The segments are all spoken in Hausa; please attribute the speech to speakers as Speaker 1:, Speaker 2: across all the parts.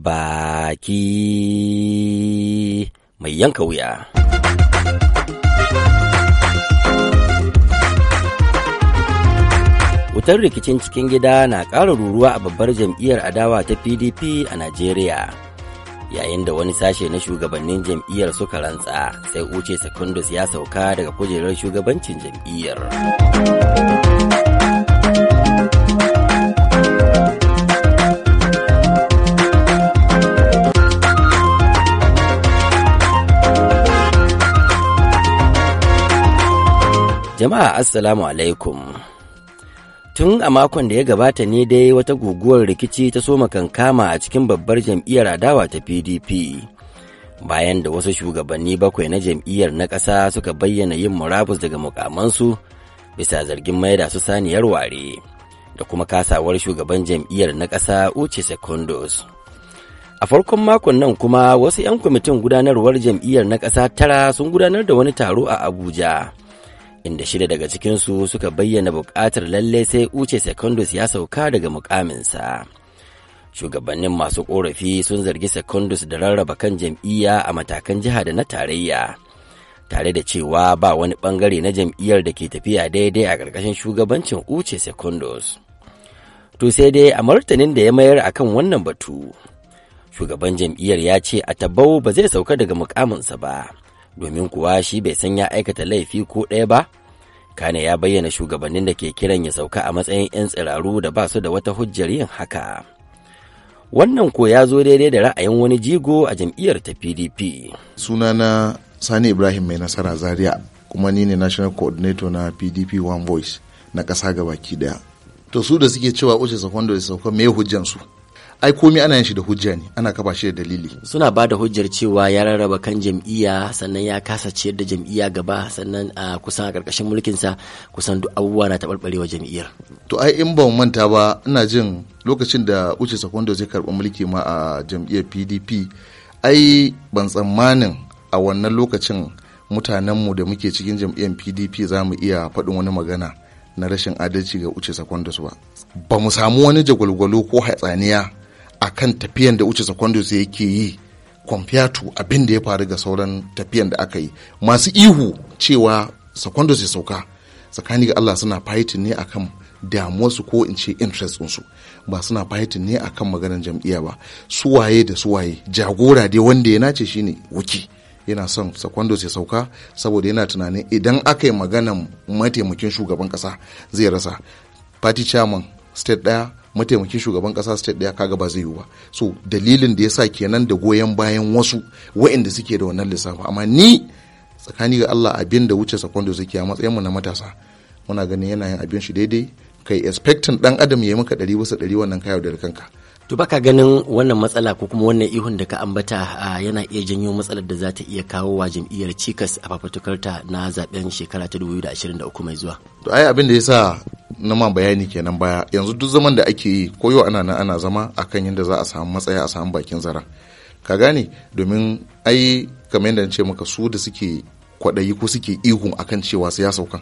Speaker 1: baki mai yanka wuya. Wutar rikicin cikin gida na ƙara ruruwa a babbar jam'iyyar adawa ta PDP a Najeriya. Yayin da wani sashe na shugabannin jam'iyyar suka rantsa sai wuce Secondus ya sauka daga kujerar shugabancin jam'iyyar. Jama'a Assalamu alaikum. Tun a makon da ya gabata ne dai wata guguwar rikici ta soma kankama a cikin babbar jam'iyyar adawa ta PDP. Bayan da wasu shugabanni bakwai na jam'iyyar na ƙasa suka bayyana yin murabus daga mukamansu bisa zargin maida su saniyar ware da kuma kasawar shugaban jam'iyyar na ƙasa Uche Secondos. A farkon makon nan kuma wasu 'yan kwamitin gudanarwar jam'iyyar na ƙasa tara sun gudanar da wani taro a Abuja. inda shida daga cikinsu suka bayyana buƙatar lalle sai uce secondus ya sauka daga mukaminsa shugabannin masu ƙorafi sun zargi secondus da rarraba kan jam'iyya a matakan jiha da na tarayya tare da cewa ba wani ɓangare na jam'iyyar da ke tafiya daidai a ƙarƙashin shugabancin uce secondus to sai dai a martanin da ya mayar a kan wannan batu shugaban jam'iyyar ya ce a tabau ba zai sauka daga mukaminsa ba domin kuwa shi bai san ya aikata laifi ko ɗaya ba kane ya bayyana shugabannin da ke kiran ya sauka a matsayin 'yan tsiraru da ba su da wata hujjar yin haka wannan ko ya zo daidai da ra'ayin wani jigo a
Speaker 2: jam'iyyar ta pdp sunana sani ibrahim mai nasara zaria kuma ni ne national coordinator na pdp one voice na ƙasa gabaki daya to su da suke cewa uche sakwando ya sauka me hujjansu su ai komai ana yin shi da hujja ne ana kafa shi da dalili suna ba da hujjar cewa ya rarraba kan jam'iyya sannan ya kasa ciyar da
Speaker 1: jam'iyya gaba sannan a kusan a karkashin mulkinsa kusan duk abubuwa na taɓarɓarewa jam'iyyar
Speaker 2: to ai in ban manta ba ina jin lokacin da uce secondo zai karɓi mulki ma a jam'iyyar pdp ai ban tsammanin a wannan lokacin mutanenmu da muke cikin jam'iyyar pdp za mu iya faɗin wani magana na rashin adalci ga uce secondos ba ba mu samu wani jagwalgwalo ko hatsaniya akan tafiyan da uce sai yake yi kwamfiyatu abin da ya faru ga sauran tafiyan da aka yi masu ihu cewa secondus ya sauka tsakani ga Allah suna fighting ne akan damuwarsu ko in ce interest su ba suna fighting ne akan maganar jam'iyya ba suwaye da suwaye jagora dai wanda ya nace shine wuki yana son sakwando sai sauka saboda yana tunanin idan aka yi maganan mataimakin shugaban kasa zai rasa party chairman state daya mataimakin shugaban kasa state daya kaga ba zai yiwu ba so dalilin da ya yasa kenan da goyon bayan wasu waɗanda suke da wannan lissafi amma ni tsakani ga Allah abin da wuce sakwando suke a matsayin mu na matasa muna ganin yana yin abin shi daidai kai expecting dan adam ya maka ɗari bisa ɗari wannan kayo da kanka to baka ganin wannan matsala ko
Speaker 1: kuma wannan ihun da ka ambata yana iya janyo matsalar da za ta iya kawo wa jam'iyyar cikas a fafatukarta na zaben shekara ta 2023 mai zuwa
Speaker 2: to ai abin da yasa na ma bayani kenan baya yanzu duk zaman da ake yi ko yau ana nan ana zama akan yadda za a samu matsaya a samu bakin zara ka gane domin ai kamar yadda ce maka su da suke kwaɗayi ko suke ihu akan cewa su ya sauka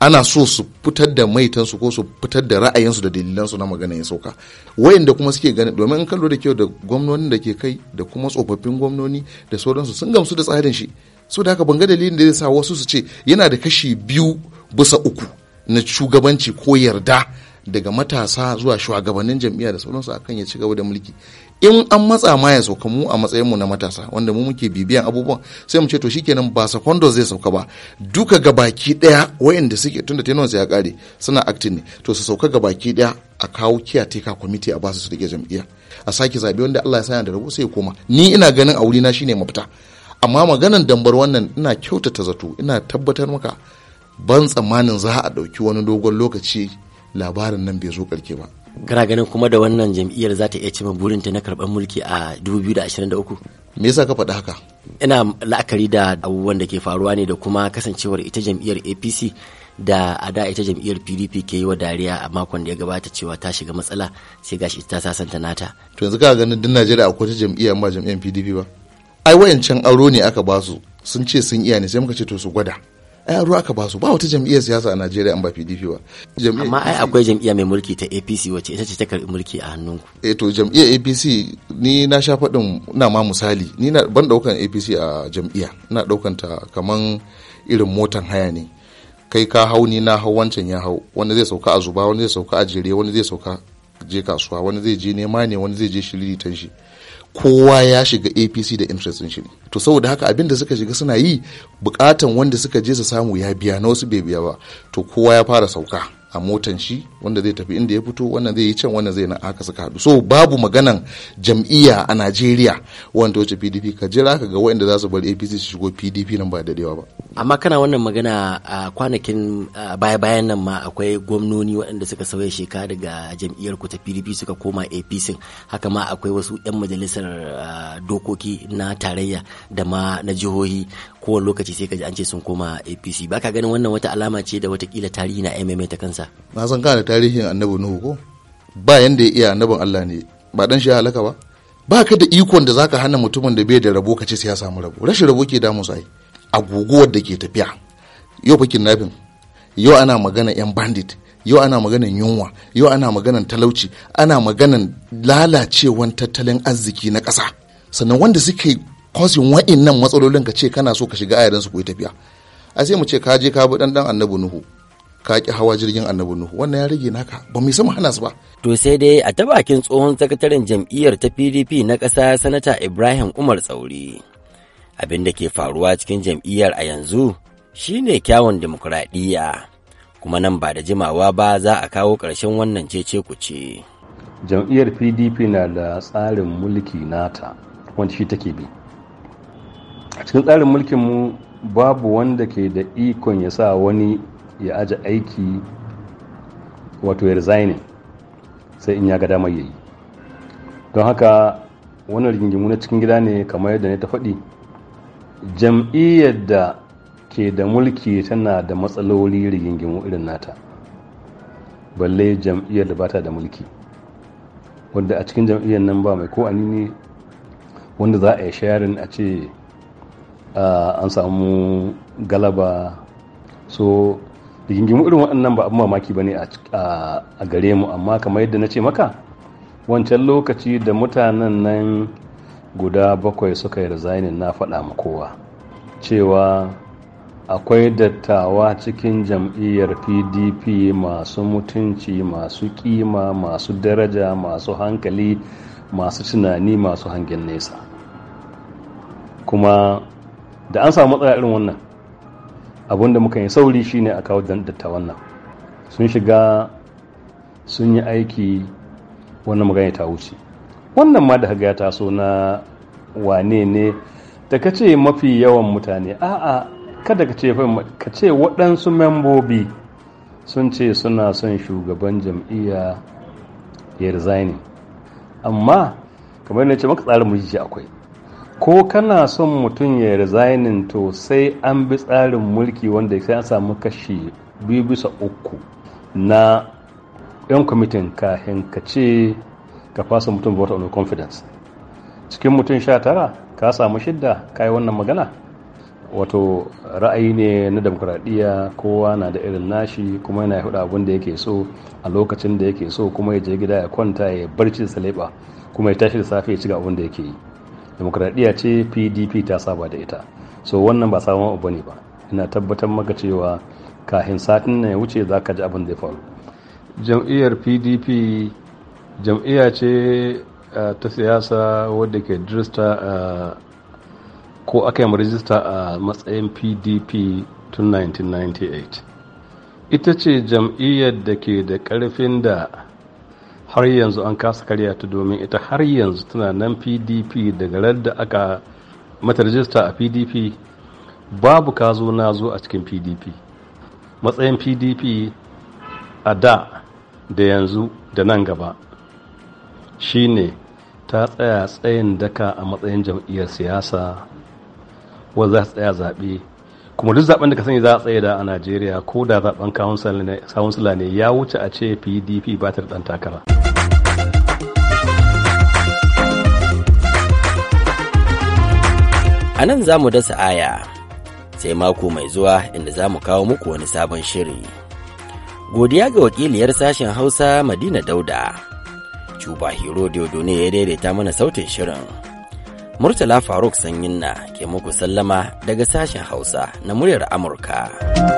Speaker 2: ana so su fitar da maitansu ko su fitar da ra'ayinsu da dalilansu na magana ya sauka wayanda kuma suke gani domin in kallo da kyau da gwamnonin da ke kai da kuma tsofaffin gwamnoni da sauransu sun gamsu da tsarin shi so da haka banga dalilin da zai sa wasu su ce yana da kashi biyu bisa uku na shugabanci ko yarda daga matasa zuwa shugabannin jam'iyya da sauransu akan ya ci gaba da mulki in an matsa ma ya sauka mu a matsayinmu na matasa wanda mu muke bibiyan abubuwan sai mu ce to shikenan ba sakwando zai sauka ba duka ga baki daya wayanda suke tunda tenuwansu ya kare suna acting ne to su sauka ga baki daya a kawo kiyateka kwamiti a basu su rike jam'iyya a sake zabe wanda Allah ya sanya da rabu sai ya koma ni ina ganin a wurina shine mafita amma maganan dambar wannan ina kyautata zato ina tabbatar maka ban tsammanin za a dauki wani dogon lokaci labarin nan bai zo karke ba
Speaker 1: kana ganin kuma da wannan jam'iyyar za ta iya cimma burinta na karɓar mulki a 2023 me yasa ka faɗi haka ina la'akari da abubuwan da ke faruwa ne da kuma kasancewar ita jam'iyyar apc da a da ita jam'iyyar pdp ke yi wa dariya a
Speaker 2: makon da ya gabata cewa ta shiga matsala sai gashi ta sasanta nata to yanzu ka ganin duk najeriya akwai ta jam'iyyar ba jam'iyyar pdp ba ai wayancan aro ne aka basu sun ce sun iya ne sai muka ce to su gwada ai ruwa ka basu ba wata jam'iyyar siyasa a Najeriya an ba PDP ba amma ai akwai jam'iyya mai mulki ta APC wacce ita ce ta karbi mulki a hannunku eh to jam'iyyar APC ni na sha faɗin na ma misali ni na ban daukan APC a jam'iyya ina daukan ta kaman irin motan haya ne kai ka hau ni na hau wancan ya hau wani zai sauka a zuba wani zai sauka a jere wani zai sauka je kasuwa wani zai je nema ne wani zai je shiriritan shi kowa ya shiga apc da interest shi to saboda haka abin da suka shiga suna yi bukatan wanda suka je su samu ya biya na wasu bai biya ba to kowa ya fara sauka a motan shi wanda zai tafi inda ya fito wannan zai yi can wannan zai na aka suka hadu so babu maganan jam'iyya a Najeriya wanda wace PDP ka jira ka ga wa'inda za su bar APC su shigo PDP nan ba dadewa ba
Speaker 1: amma kana wannan magana a kwanakin baya-bayan nan ma akwai gwamnoni waɗanda suka sauya sheka daga jam'iyyar ku ta PDP suka koma APC haka ma akwai wasu 'yan majalisar dokoki na tarayya da ma na jihohi kowane lokaci sai ka ji an ce sun koma APC ba ka ganin wannan wata alama ce da watakila tarihi na
Speaker 2: MMA ta kansa na san tarihin annabi nuhu ko ba yanda ya iya annabin Allah ne ba dan shi halaka ba ba ka da ikon da zaka hana mutumin da bai da rabo ka ce sai ya samu rabo rashin rabo ke damu sai agogowar da ke tafiya yau bakin nafin yau ana magana yan bandit yau ana maganan yunwa yau ana maganan talauci ana maganan lalacewan tattalin arziki na ƙasa sannan wanda suke kwasin wa'in nan matsalolin ka ce kana so ka shiga ayarin ko tafiya a sai mu ce ka je ka bi dan dan annabi nuhu ka ki hawa jirgin annabi nuhu wannan ya rage naka ba mu sama hana su ba to sai dai a ta bakin tsohon sakataren jam'iyyar ta PDP na ƙasa
Speaker 1: sanata Ibrahim Umar Tsauri abin da ke faruwa cikin jam'iyyar a yanzu shine kyawun dimokuraɗiyya kuma nan ba da jimawa ba za a kawo ƙarshen
Speaker 3: wannan cece kuce jam'iyyar pdp na da tsarin mulki nata wanda shi take bi a cikin tsarin mulkinmu babu wanda ke da ikon ya sa wani ya aje aiki wato ya resigning sai in ya ga damar yayi don haka wannan rigingimu na cikin gida ne kamar yadda ne ta faɗi jam'iyyar da ke da mulki tana da matsaloli rigingimu irin nata balle jam'iyyar da bata da mulki wanda a cikin jam'iyyar nan ba mai ko anini wanda za a yi shayarin a ce ah, an samu galaba so rigingimu irin waɗannan ba abin mamaki ba ne a gare mu amma kamar yadda na ce maka wancan lokaci da mutanen nan guda bakwai suka yi rizainin na faɗa ma kowa cewa akwai dattawa cikin jam'iyyar pdp masu mutunci masu kima masu daraja masu hankali masu tunani masu hangen nesa kuma da an samu matsala irin wannan abun da muka yi sauri shine a kawo dattawan nan sun shiga sun yi aiki wannan magana ta wuce wannan ma da ya taso na wane ne da ka ce mafi yawan mutane a'a kada ka ce waɗansu membobi sun ce suna son shugaban jam'iyya ya resigning amma kamar ne ce maka tsarin mulki akwai ko kana son mutum ya resignin to sai an bi tsarin mulki wanda ya sai an samu kashi biyu bisa uku na 'yan kwamitin kahin ka ce ka fasa mutum vote of confidence cikin mutum sha tara ka samu shidda ka yi wannan magana wato ra'ayi ne na demokuraɗiyya kowa na da irin nashi kuma yana hudu abin da yake so a lokacin da yake so kuma ya je gida ya kwanta ya barci da saleba kuma ya tashi da safe ya ci ga abin da yake yi demokradiyya ce pdp ta saba da ita so wannan ba sabon abu ne ba ina tabbatar maka cewa kahin satin na ya wuce za ka ji abin da ya faru jam'iyyar pdp jam'iyya ce ta siyasa wadda ke dirista ko aka yi rijista a matsayin pdp tun 1998 ita ce jam'iyyar da ke da ƙarfin da har yanzu an kasa karya ta domin ita har yanzu tana nan pdp daga da aka mata rajista a pdp babu kazo na zo a cikin pdp matsayin pdp a da da yanzu da nan gaba shine ta tsaya tsayin daka a matsayin jam'iyyar siyasa wanda za ta tsaya zaɓe kuma duk zaɓen da ka sani za a tsaye da a najeriya ko da zaben kawunsila ne ya wuce a ce pdp ba ta da ɗan takara.
Speaker 1: A nan za mu dasa aya, sai mako mai zuwa inda za mu kawo muku wani sabon shiri. Godiya ga wakiliyar sashen Hausa Madina Dauda. Cuba Hero ne ya daidaita mana sautin shirin. Murtala Faruk Sanyin na ke muku sallama daga sashen Hausa na muryar Amurka.